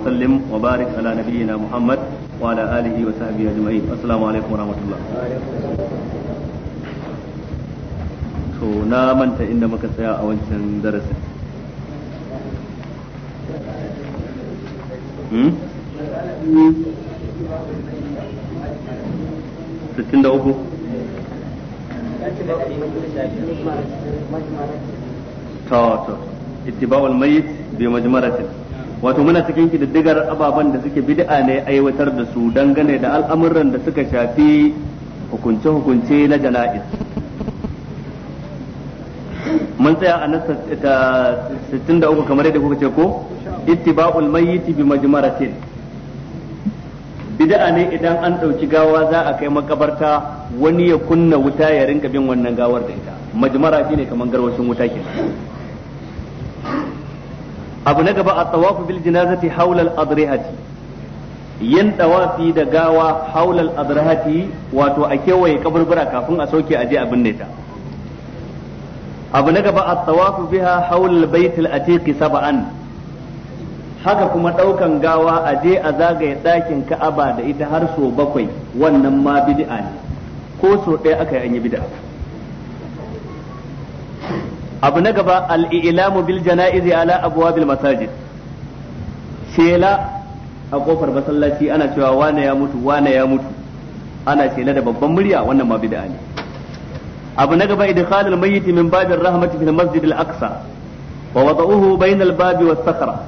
وسلم وبارك على نبينا محمد وعلى آله وصحبه أجمعين السلام عليكم ورحمة الله to na manta inda muka tsaya a wancan darasin hmm? 63 to to ittiba'ul bi majmaratin wato muna cikin kididdigar ababen da suke bid'a ne aiwatar da su dangane da al'amuran da suka shafi hukunce-hukunce na jana'iz mun tsaya a nan 63 kamar yadda kuka ce ko ittiba'ul mayyit bi majmaratin bid'a ne idan an ɗauki gawa za a kai makabarta wani ya kunna wuta ya rinka bin wannan gawar da ita majmara shine kamar garwashin wuta kenan abu na gaba a tsawafi bil janazati haulal adrihati yin tawafi da gawa haular al wato a kewaye kaburbura kafin a soke aje abin ne ta abu na gaba a tsawafi biha haulal baitul bayt saba'an haka kuma ɗaukan gawa a je a zagaye ɗakin ka'aba da ita har so bakwai wannan ma bid'a ne ko so ɗaya aka yi an yi bid'a abu na gaba Al'iilamu ilamu bil janaizi ala abwabil masajid shela a kofar masallaci ana cewa wane ya mutu wane ya mutu ana shela da babban murya wannan ma bid'a ne abu na gaba idkhal al-mayyit min babir rahmati fil masjid al-aqsa wa wada'uhu bayna al-babi was-sakhra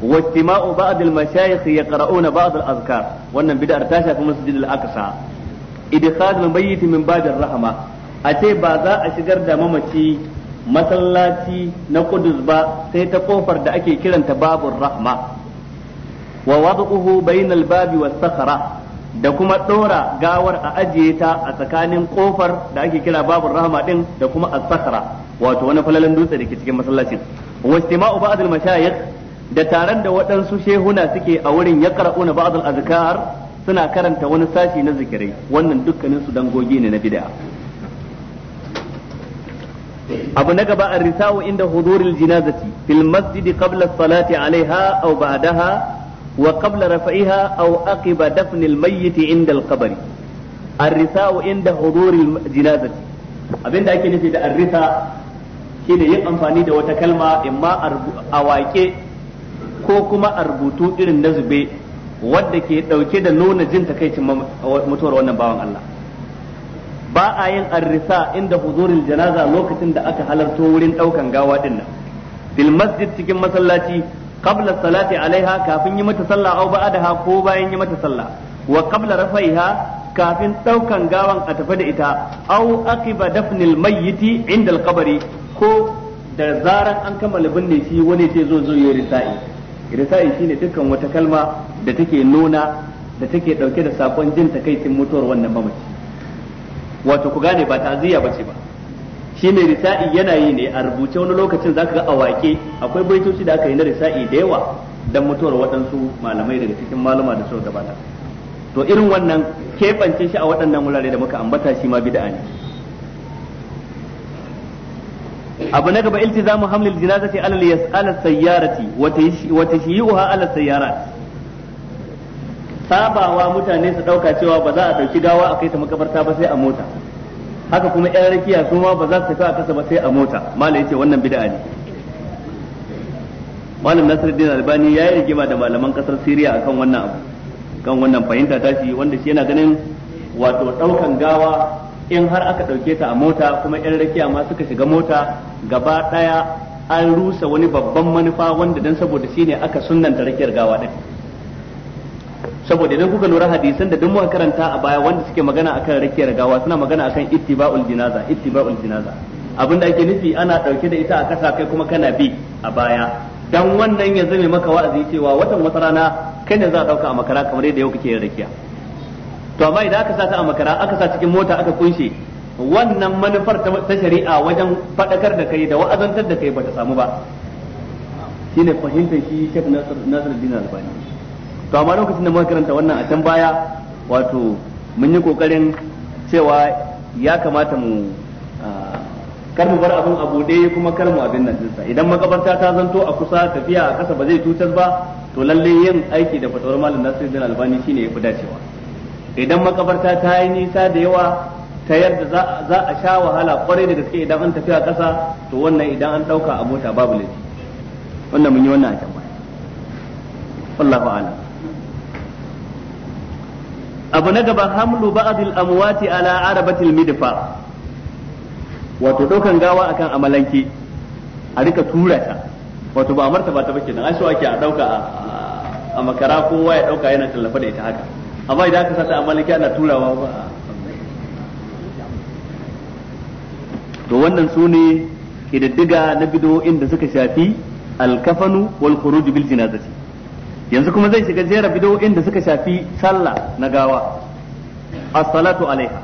wa istima'u ba'd al-mashayikh yaqra'una ba'd al-azkar wannan bid'ar ta shafi masjid al-aqsa idkhal al-mayyit min babir rahma a ce ba za a shigar da mamaci masallaci na Qudus ba sai ta kofar da ake kiranta babur rahma wa wad'uhu bainal babi was sakhra da kuma dora gawar a ajiye ta a tsakanin kofar da ake kira babur rahma din da kuma as-sakhra wato wani falalan dutse dake cikin masallacin wa istima'u ba'd al-mashayikh da taron da waɗansu shehuna suke a wurin ya qara'una ba'd al-azkar suna karanta wani sashi na zikirai wannan dukkanin su dangogi ne na bid'a abu na gaba a risau inda huduril jinazati, fil masjidi qabla salati alaiha aw ba'daha wa qabla rafa'iha aw aqiba dafnil mayyit inda al-qabr ar inda huduril janazati abinda ake nufi da arrisa, risa shine yin amfani da wata kalma imma a waƙe ko kuma a rubutu irin na zube wadda ke dauke da nuna jin takaicin mutuwar wannan bawan Allah ba a yin arrisa inda huzurin janaza lokacin da aka halarto wurin daukan gawa din nan fil masjid cikin masallaci qabla salati alaiha kafin yi mata sallah au ba'daha ko bayan yi mata sallah wa qabla rafaiha kafin daukan gawan a tafi da ita au aqiba dafnil mayyiti inda alqabari ko da zaran an kammala binne shi wani sai zo zo yi risa'i risa'i shine dukkan wata kalma da take nuna da take dauke da sakon jin takaicin mutuwar wannan mamaci wato ku gane ba ta'aziyya bace ba shine risa'i yana yi ne a rubuce wani lokacin zaka ga awake akwai baitoci da aka yi na risa'i da yawa dan mutuwar waɗansu malamai daga cikin malama da suka gabata to irin wannan keɓance shi a waɗannan wurare da muka ambata shi ma bid'a ne abu na gaba iltizamu hamlil jinazati ala yas'ala sayyarati wa tashyi'uha ala sayyarati sabawa mutane su dauka cewa ba za a dauki gawa a kai ta makabarta ba sai a mota haka kuma yan rakiya su ma ba za su tafi a kasa ba sai a mota malai yace wannan bid'a ne malam Nasiruddin Albani yi rigima da malaman kasar Siriya akan wannan abu kan wannan fahimta shi wanda shi yana ganin wato daukan gawa in har aka dauke ta a mota kuma yan rakiya ma suka shiga mota gaba daya an rusa wani babban manufa wanda dan saboda shine aka sunnanta rakiyar gawa din saboda idan kuka lura hadisan da duk muka karanta a baya wanda suke magana akan rakiyar gawa suna magana akan ittiba'ul jinaza ittiba'ul jinaza da ake nufi ana dauke da ita a kasa kai kuma kana bi a baya dan wannan ya zame maka wa'azi cewa watan wata rana kai ne za a dauka a makara kamar yadda yau kake yin rakiya to amma idan aka sa ta a makara aka sa cikin mota aka kunshe wannan manufar ta shari'a wajen faɗakar da kai da wa'azantar da kai bata samu ba shine fahimtar shi Sheikh Nasiruddin Din Albani to amma lokacin da muka karanta wannan a can baya wato mun yi kokarin cewa ya kamata mu ah, kar mu bar abin a bude kuma kar mu abin nan dinsa idan makabarta ta zanto a kusa tafiya a kasa ba zai cutar ba to lalle yin aiki da fatawar malam Nasiruddin Albani shine yafi dacewa idan makabarta ta yi nisa da yawa ta yadda za a sha wahala kwarai da gaske idan an tafi a kasa to wannan idan an dauka a mota babu laifi wannan mun yi wannan a can baya wallahu a'lam abu na gaba hamlu ba'dil amwati ala arabatil midfa wato dokan gawa akan amalanke a rika tura ta wato ba amarta ba ta bace nan ashe ake a dauka a makara kowa ya dauka yana tallafa da ita haka amma idan aka sata amalanke ana turawa ba to wannan su ne kididdiga na bidoyin da suka shafi alkafanu wal khuruj bil jinazati yanzu kuma zai shiga jera bidoyin da suka shafi sallah na gawa as-salatu alaiha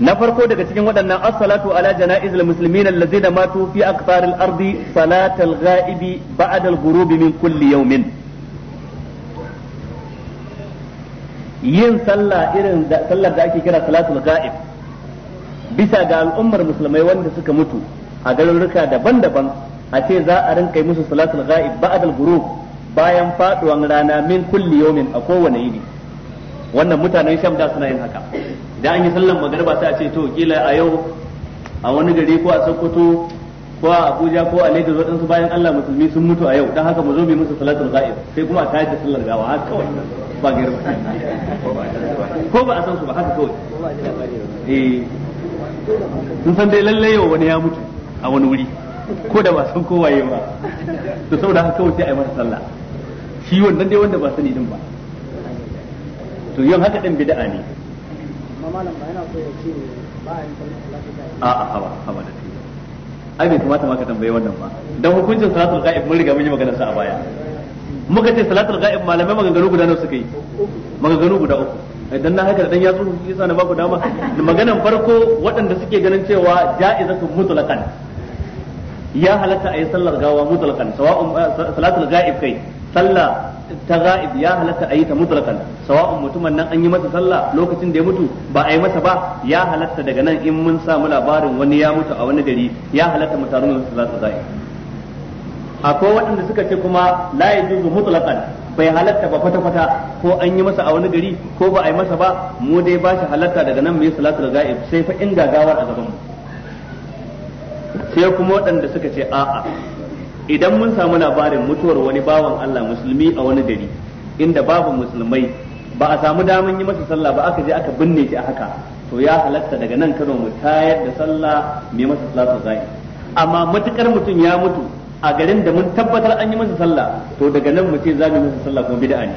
na farko daga cikin waɗannan as-salatu ala janaizil muslimin allazina matu fi aqtaril ardi salatal ghaibi ba'da al-ghurub min kulli yawmin yin sallah irin sallar da ake kira salatul ghaib bisa ga al'ummar musulmai wanda suka mutu a garuruka daban-daban a ce za a rinka musu salatul ghaib ba'da al-ghurub bayan faduwan rana min kulli yawmin a kowane yini wannan mutanen sham da suna yin haka idan an yi sallan magariba sai a ce to kila a yau a wani gari ko a sokoto ko a abuja ko a lagos waɗansu bayan allah musulmi sun mutu a yau dan haka mu zo mu musu salatul ghaib sai kuma a tayar da sallar gawa haka kawai ba gari ko ba a san su ba haka kawai eh sun san dai lalle yau wani ya mutu a wani wuri ko da ba san kowaye ba to saboda haka kawai sai a yi masa sallah shi wannan dai wanda ba sani din ba to yin haka din bid'a ne amma a a a hawa hawa da tijo ai bai kamata ma ka tambaye wannan ba dan hukuncin salatul ghaib mun riga mun yi magana sa a baya muka ce salatul ghaib malamai maganganu guda nawa suka yi maganganu guda uku dan na haka da ya yatsu yasa na ba ku dama maganan farko waɗanda suke ganin cewa ja'izatun mutlaqan ya halatta a yi sallar gawa mutlaqan sawa'un eh, salatul ga'ib kai sallah ta ga'ib ya halatta a yi ta mutlaqan sawa'un mutumin nan an yi masa sallah lokacin da ya mutu ba a yi masa ba ya halatta daga nan in mun samu labarin wani ya mutu a wani gari ya halatta mu taru salatul ga'ib akwai waɗanda suka ce kuma la yajuzu mutlaqan bai halatta ba kwata kwata ko an yi masa a wani gari ko ba a yi masa ba mu dai ba shi halatta daga nan mu yi salatul ga'ib sai fa inda gagawar a gaban mu sai kuma waɗanda suka ce a'a idan mun samu labarin mutuwar wani bawan Allah musulmi a wani gari inda babu musulmai ba a samu daman yi masa sallah ba aka je aka binne shi a haka to ya halatta daga nan Kano mu tayar da sallah mai masa salatu zai amma matukar mutum ya mutu a garin da mun tabbatar an yi masa sallah to daga nan mu ce za mu masa sallah kuma bid'a ne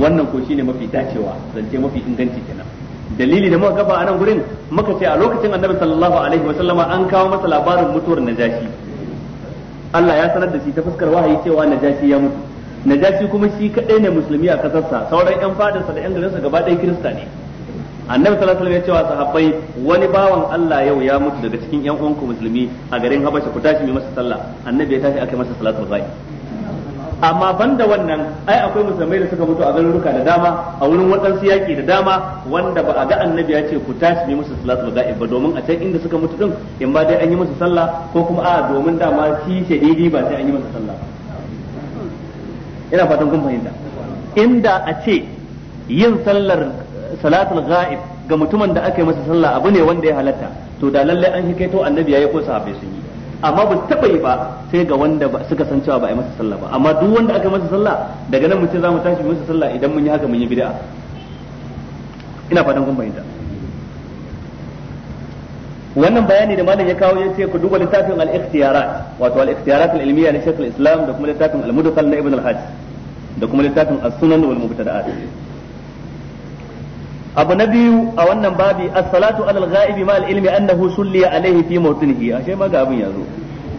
wannan ko shine mafi dacewa zance mafi inganci kenan dalili da muka kafa a nan gurin muka ce a lokacin annabi sallallahu alaihi wa sallama an kawo masa labarin mutuwar najashi Allah ya sanar da shi ta fuskar wahayi cewa najashi ya mutu najashi kuma shi kadai ne musulmi a kasarsa sauran yan fadarsa da yan garinsa gaba ɗaya kirista ne annabi sallallahu alaihi ya ce sahabbai wani bawan Allah yau ya mutu daga cikin yan uwanku musulmi a garin Habasha ku tashi mai masa sallah annabi ya tashi aka masa salatul ghaib amma banda wannan ai akwai musulmai da suka mutu a garuruka da dama a wurin waɗansu yaƙi da dama wanda ba a ga annabi ya ce ku tashi ne musu salatu ga'ib ba domin a can inda suka mutu din in ba dai an yi musu sallah ko kuma a domin dama shi daidai ba sai an yi musu sallah ina fatan kun fahimta inda a ce yin sallar salatul ghaib ga mutumin da aka yi masa sallah abu ne wanda ya halatta to da lallai an hikaito annabi ya yi ko sahabbai sun yi amma ba taba yi ba sai ga wanda ba suka san cewa ba a masa sallah ba amma duk wanda aka masa sallah daga nan mutum mu tashi masa sallah idan mun yi haka mun yi bid'a ina fatan kun bayyana wannan bayani da malam ya kawo ya ce ku duba littafin al-ikhtiyarat wato al-ikhtiyarat al-ilmiya na Sheikh al-Islam da kuma littafin al-Mudkhal na Ibn al-Hajj da kuma littafin as-Sunan wal Mubtada'at abu na biyu a wannan babi as-salatu alal ghaibi ma al-ilmi annahu sulliya alaihi fi mawtinihi ashe ma ga abin yazo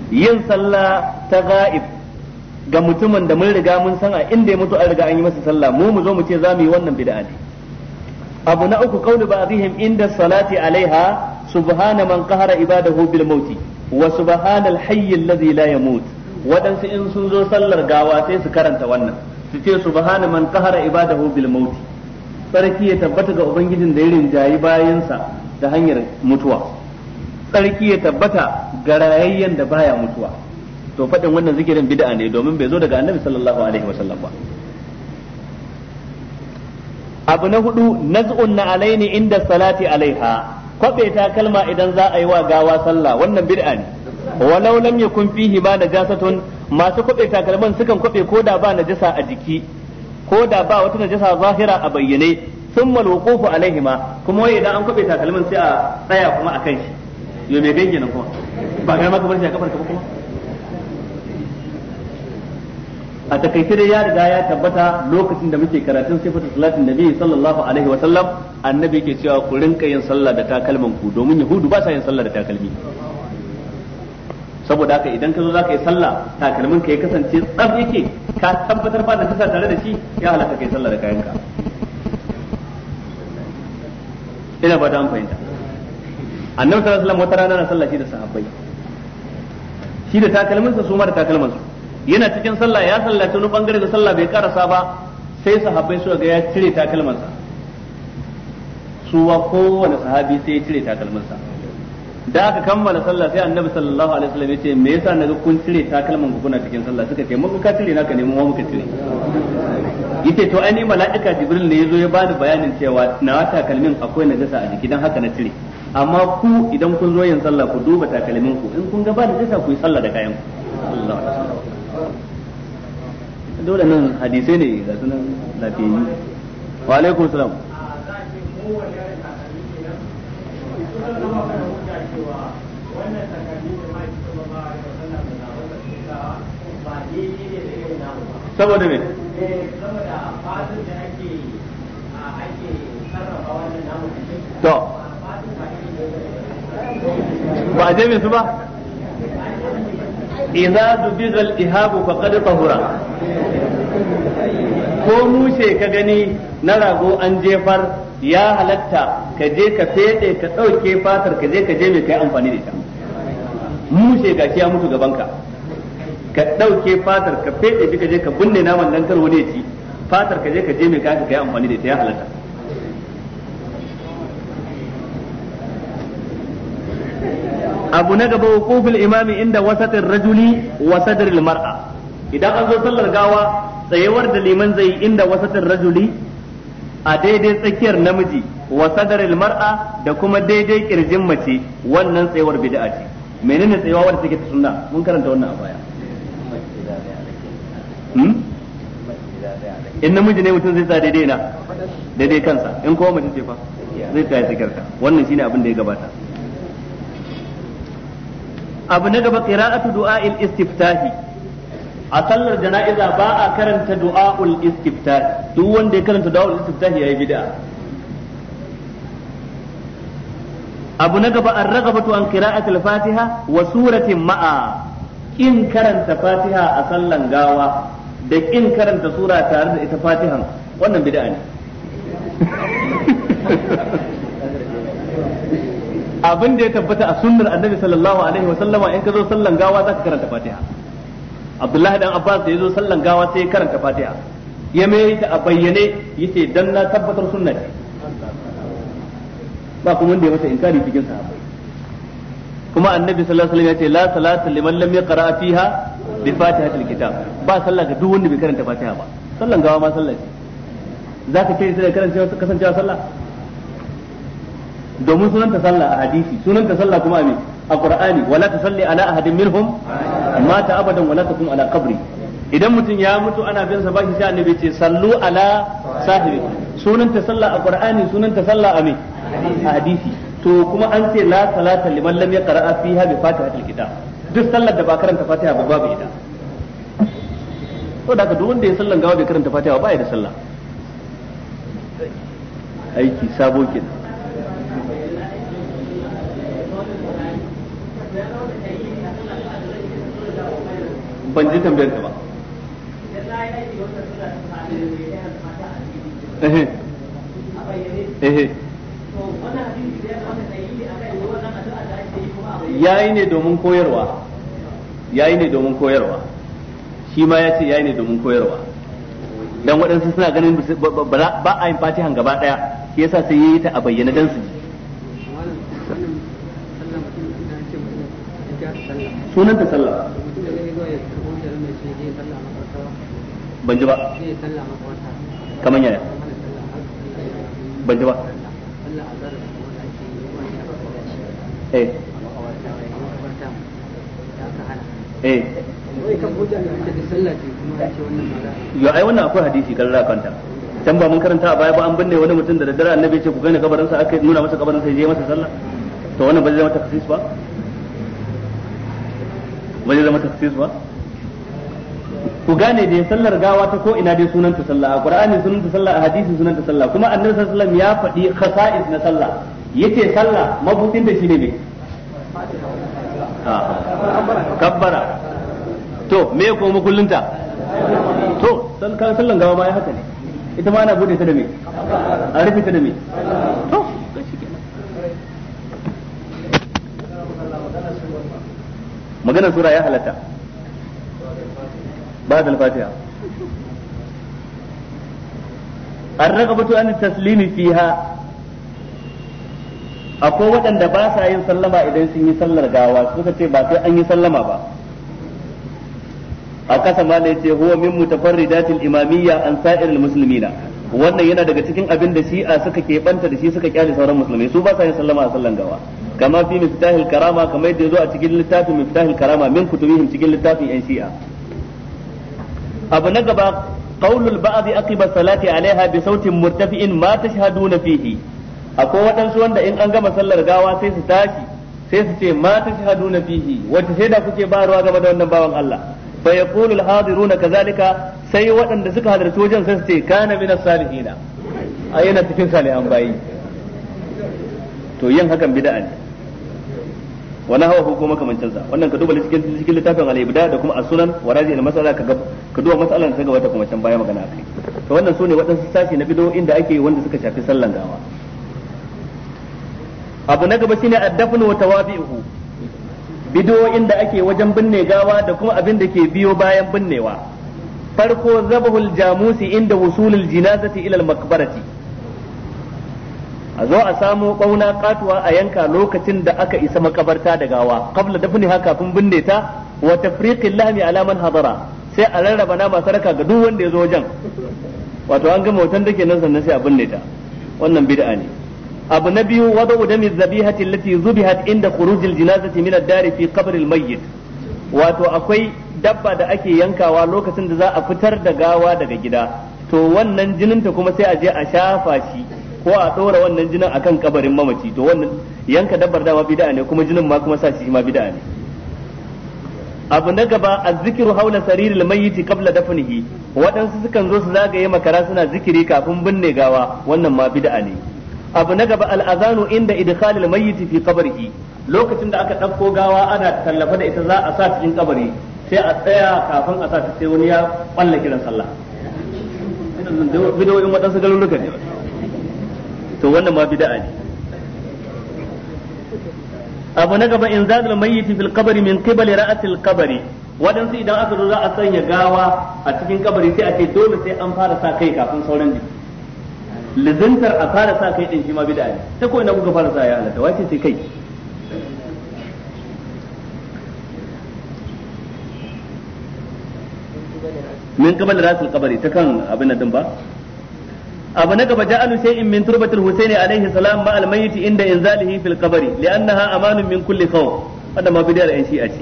yin sallah ta ghaib ga mutumin da mun riga mun san a inda ya mutu an riga an yi masa sallah mu mu zo mu ce za yi wannan bid'a ne abu na uku qawlu ba'dihim inda salati alaiha subhana man qahara ibadahu bil mauti wa subhana al-hayy alladhi la yamut wadansu in sun zo sallar gawa sai su karanta wannan su ce subhana man qahara ibadahu bil tsarki ya tabbata ga ubangijin da ya rinjayi bayansa ta hanyar mutuwa tsarki ya tabbata ga rayayyen da baya mutuwa to faɗin wannan zikirin bid'a ne domin bai zo daga annabi sallallahu alaihi sallam ba abu na hudu naz'un na alaini inda salati alaiha kwabe ta kalma idan za a yi wa gawa sallah wannan bid'a ne walau lam yakun fihi ba najasatun masu kwaɓe takalman sukan kwaɓe ko da ba najasa a jiki ko da ba wata najasa zahira a bayyane thumma alwuqufu alaihima kuma wai idan an kwabe takalmin sai a tsaya kuma a kai shi yo me gangi nan kuma ba ga maka bar shi a kafar kuma a takaice dai ya riga ya tabbata lokacin da muke karatun sifatu salatin nabi sallallahu alaihi wa sallam annabi ke cewa ku rinka yin sallah da takalmin ku domin yahudu ba sa yin sallah da takalmi saboda haka idan ka zo zaka yi sallah takalmin ka ya kasance tsaf yake ka tabbatar ba da kasa tare da shi ya halaka kai sallah da kayanka ina ba ta an fahimta annabi sallallahu alaihi wasallam wata rana na sallah shi da sahabbai shi da takalminsa su ma da su yana cikin sallah ya sallaci wani bangare da sallah bai karasa ba sai sahabbai suka ga ya cire takalminsa suwa kowane sahabi sai ya cire takalminsa da aka kammala sallah sai annabi sallallahu alaihi wasallam ya ce me yasa naga kun cire takalman ku kuna cikin sallah suka ce mun ka cire naka ne mun ma muka cire yace to ai mala'ika jibril ne yazo ya bani bayanin cewa na takalmin akwai najasa a jiki dan haka na cire amma ku idan kun zo yin sallah ku duba takalmin ku in kun ga ba najasa ku yi sallah da kayan ku wasallam dole nan hadisi ne ga sunan lafiyayyu wa alaikum salam cewa ba ya ba daidai ne da saboda eh, fadin da ake ake sarrafa wannan namu to ba a je su ba idza dubiga al-ihabu faqad tahura ko mushe ka gani na rago an jefar ya halatta ka je ka fede ka dauke fatar ka je ka je mai kai amfani da ita mushe ga ya mutu gaban ka ka dauke fatar ka fede shi ka je ka binne naman dan karwo wani ya ci fatar ka je ka je mai kai ka kai amfani da ita ya halatta abu na gaba wuqufil imami inda wasatir rajuli wa sadril mar'a idan an zo sallar gawa tsayewar da liman zai inda wasatin rajuli a daidai tsakiyar namiji wa sadaril mar'a da kuma daidai kirjin mace wannan tsayuwar bid'a ce menene tsayuwa wanda take ta sunna mun karanta wannan a baya hmm? in namiji ne mutum zai sa daidai na daidai kansa in kowa mace ce fa zai tsaya tsakiyarta wannan shine abin da ya gabata abu na gaba qira'atu du'a'il istiftahi a sallar jana'iza ba a karanta du'aul istiftah duk wanda ya karanta du'aul istiftah yi bid'a abu na gaba an batu an kira al-fatiha wa suratin ma'a kin karanta fatiha a sallan gawa da kin karanta sura tare da ita fatihan wannan bid'a ne abin da ya tabbata a sunnar annabi sallallahu alaihi wa sallama in ka zo sallan gawa zaka karanta fatiha abdullahi dan abbas da yazo sallan gawa sai ya karanta fatiha ya mai ta a bayyane yace dan na tabbatar sunna ce ba kuma wanda ya mata inkari cikin sahabbai kuma annabi sallallahu alaihi wasallam yace la salata liman lam yaqra fiha bi fatihatil kitab ba sallah ga duk wanda bai karanta fatiha ba sallan gawa ma sallah ce zaka kai sai karanta kasancewa sallah domin sunanta sallah a hadisi sunanta sallah kuma a ne a qur'ani wala tusalli ala ahadin minhum mata abadan wala takum ala qabri idan mutum ya mutu ana bin sa bashi sai annabi ce sallu ala sahibi sunan ta sallah a qur'ani sunan ta sallah a me a hadisi to kuma an ce la salata liman lam yaqra fiha bi fatihatil kitab duk sallar da ba karanta fatiha ba babu ita to da duk wanda ya sallan gawa bai karanta fatiha ba ya da sallah aiki sabo kenan ban ji tambayar ta ba eh yayi ne domin koyarwa yayi ne domin koyarwa shi ma ya ce yayi ne domin koyarwa dan waɗansu suna ganin ba a yin fatihan gaba daya shi yasa sai yayi ta a bayyana dan su sunan ta sallah ban ji ba kamar yaya ban ji ba eh. eh yo ai wannan akwai hadisi kan rakanta can ba mun karanta a baya ba an binne wani mutum da daddare annabi ya ce ku gane kabarinsa aka nuna masa kabarinsa ya je masa sallah to wannan ba zai zama ba wajen zama tafsir ba ku gane dai sallar gawa ta ko ina dai sunan ta sallah a qur'ani sunan ta sallah a hadisi sunan ta sallah kuma annabi sallallahu alaihi wasallam ya faɗi khasa'is na sallah yace sallah mabudin da shine ne ah, kabbara to me ko mu mukullinta to sallan gawa ma ya haka ne ita ma ana bude ta da me a rufe ta da me magana sura ya halatta an الفاتحة الرغبة an taslimi fiha akwai waɗanda ba sa yin sallama idan sun yi sallar gawa suka ce ba sai an yi sallama ba a kasa ma ce huwa min mutafarridatil imamiyya an sa'iril muslimina wannan yana daga cikin abin da shi'a suka keɓanta da shi suka kyale sauran musulmai su ba sa yin sallama a sallan gawa kama fi miftahil karama kamar a cikin littafin miftahil karama min kutubihim cikin littafin yan shi'a abu na gaba qaulul ba'd aqiba salati alaiha bi sautin murtafi'in ma tashhaduna fihi akwai waɗansu wanda in an gama sallar gawa sai su tashi sai su ce ma tashhaduna fihi wace shaida kuke bayarwa game da wannan bawan Allah baya yaqulu al kazalika sai waɗanda suka halarci wajen sai su ce kana min as-salihina ayyana cikin salihan bayi to yin hakan bid'a wa nahwahu ko makamancin sa wannan ka duba cikin cikin littafin al-ibda da kuma as-sunan wa raji'il masala ka ga ka duba masalan ka ga wata kuma can baya magana akai to wannan sune waɗansu sashi na bido inda ake wanda suka shafi sallan gawa abu na gaba shine addafn wa tawabi'uhu bido inda ake wajen binne gawa da kuma abin da ke biyo bayan binnewa farko zabahul jamusi inda wusulul jinazati ila al-maqbarati a zo a samo ƙauna katuwa a yanka lokacin da aka isa makabarta da gawa qabla haka kafin binne ta wa tafriqil lahmi ala man hadara sai a rarraba nama sadaka ga duk wanda ya zo wajen wato an gama hoton dake nan sannan sai a binne ta wannan bid'a ne abu na biyu wada'u udami zabihati allati zubihat inda khurujil janazati min ad-dari fi qabr al-mayyit wato akwai dabba da ake yankawa lokacin da za a fitar da gawa daga gida to wannan jinin ta kuma sai a je a shafa shi ko a ɗora wannan jinin akan kabarin mamaci to wannan yanka dabbar dama bid'a ne kuma jinin ma kuma sa shi ma bid'a ne abu na gaba azzikiru haula sariril mayyiti qabla dafnihi waɗansu sukan zo su zagaye makara suna zikiri kafin binne gawa wannan ma bid'a ne abu na gaba al'azanu inda idkhalil mayyiti fi qabrihi lokacin da aka ɗauko gawa ana tallafa da ita za a sa cikin kabari sai a tsaya kafin a sa ta sai wani ya balla kiran sallah bidoyin waɗansu garuruka ne to wannan ma bid'a ne abu na gaba in inzalul mayyit fil qabri min qibali ra'atil qabri wadansu idan aka zo za a sanya gawa a cikin kabari sai a ce dole sai an fara sa kai kafin sauran jiki lizintar a fara sa kai din shi ma bid'a ne ta ko ina kuka fara sa ya halatta wace ce kai min qabali ra'atil qabri ta kan abin nan din ba abu na gaba ja'alu shay'in min turbatil husaini alaihi salam ba al mayyit inda inzalihi fil qabri li'annaha amanun min kulli khawf wanda ma bidiyar yan a ce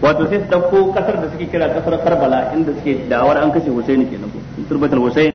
wato sai su dauko kasar da suke kira kasar Karbala inda suke awar an kashe Husaini kenan turbatul Husaini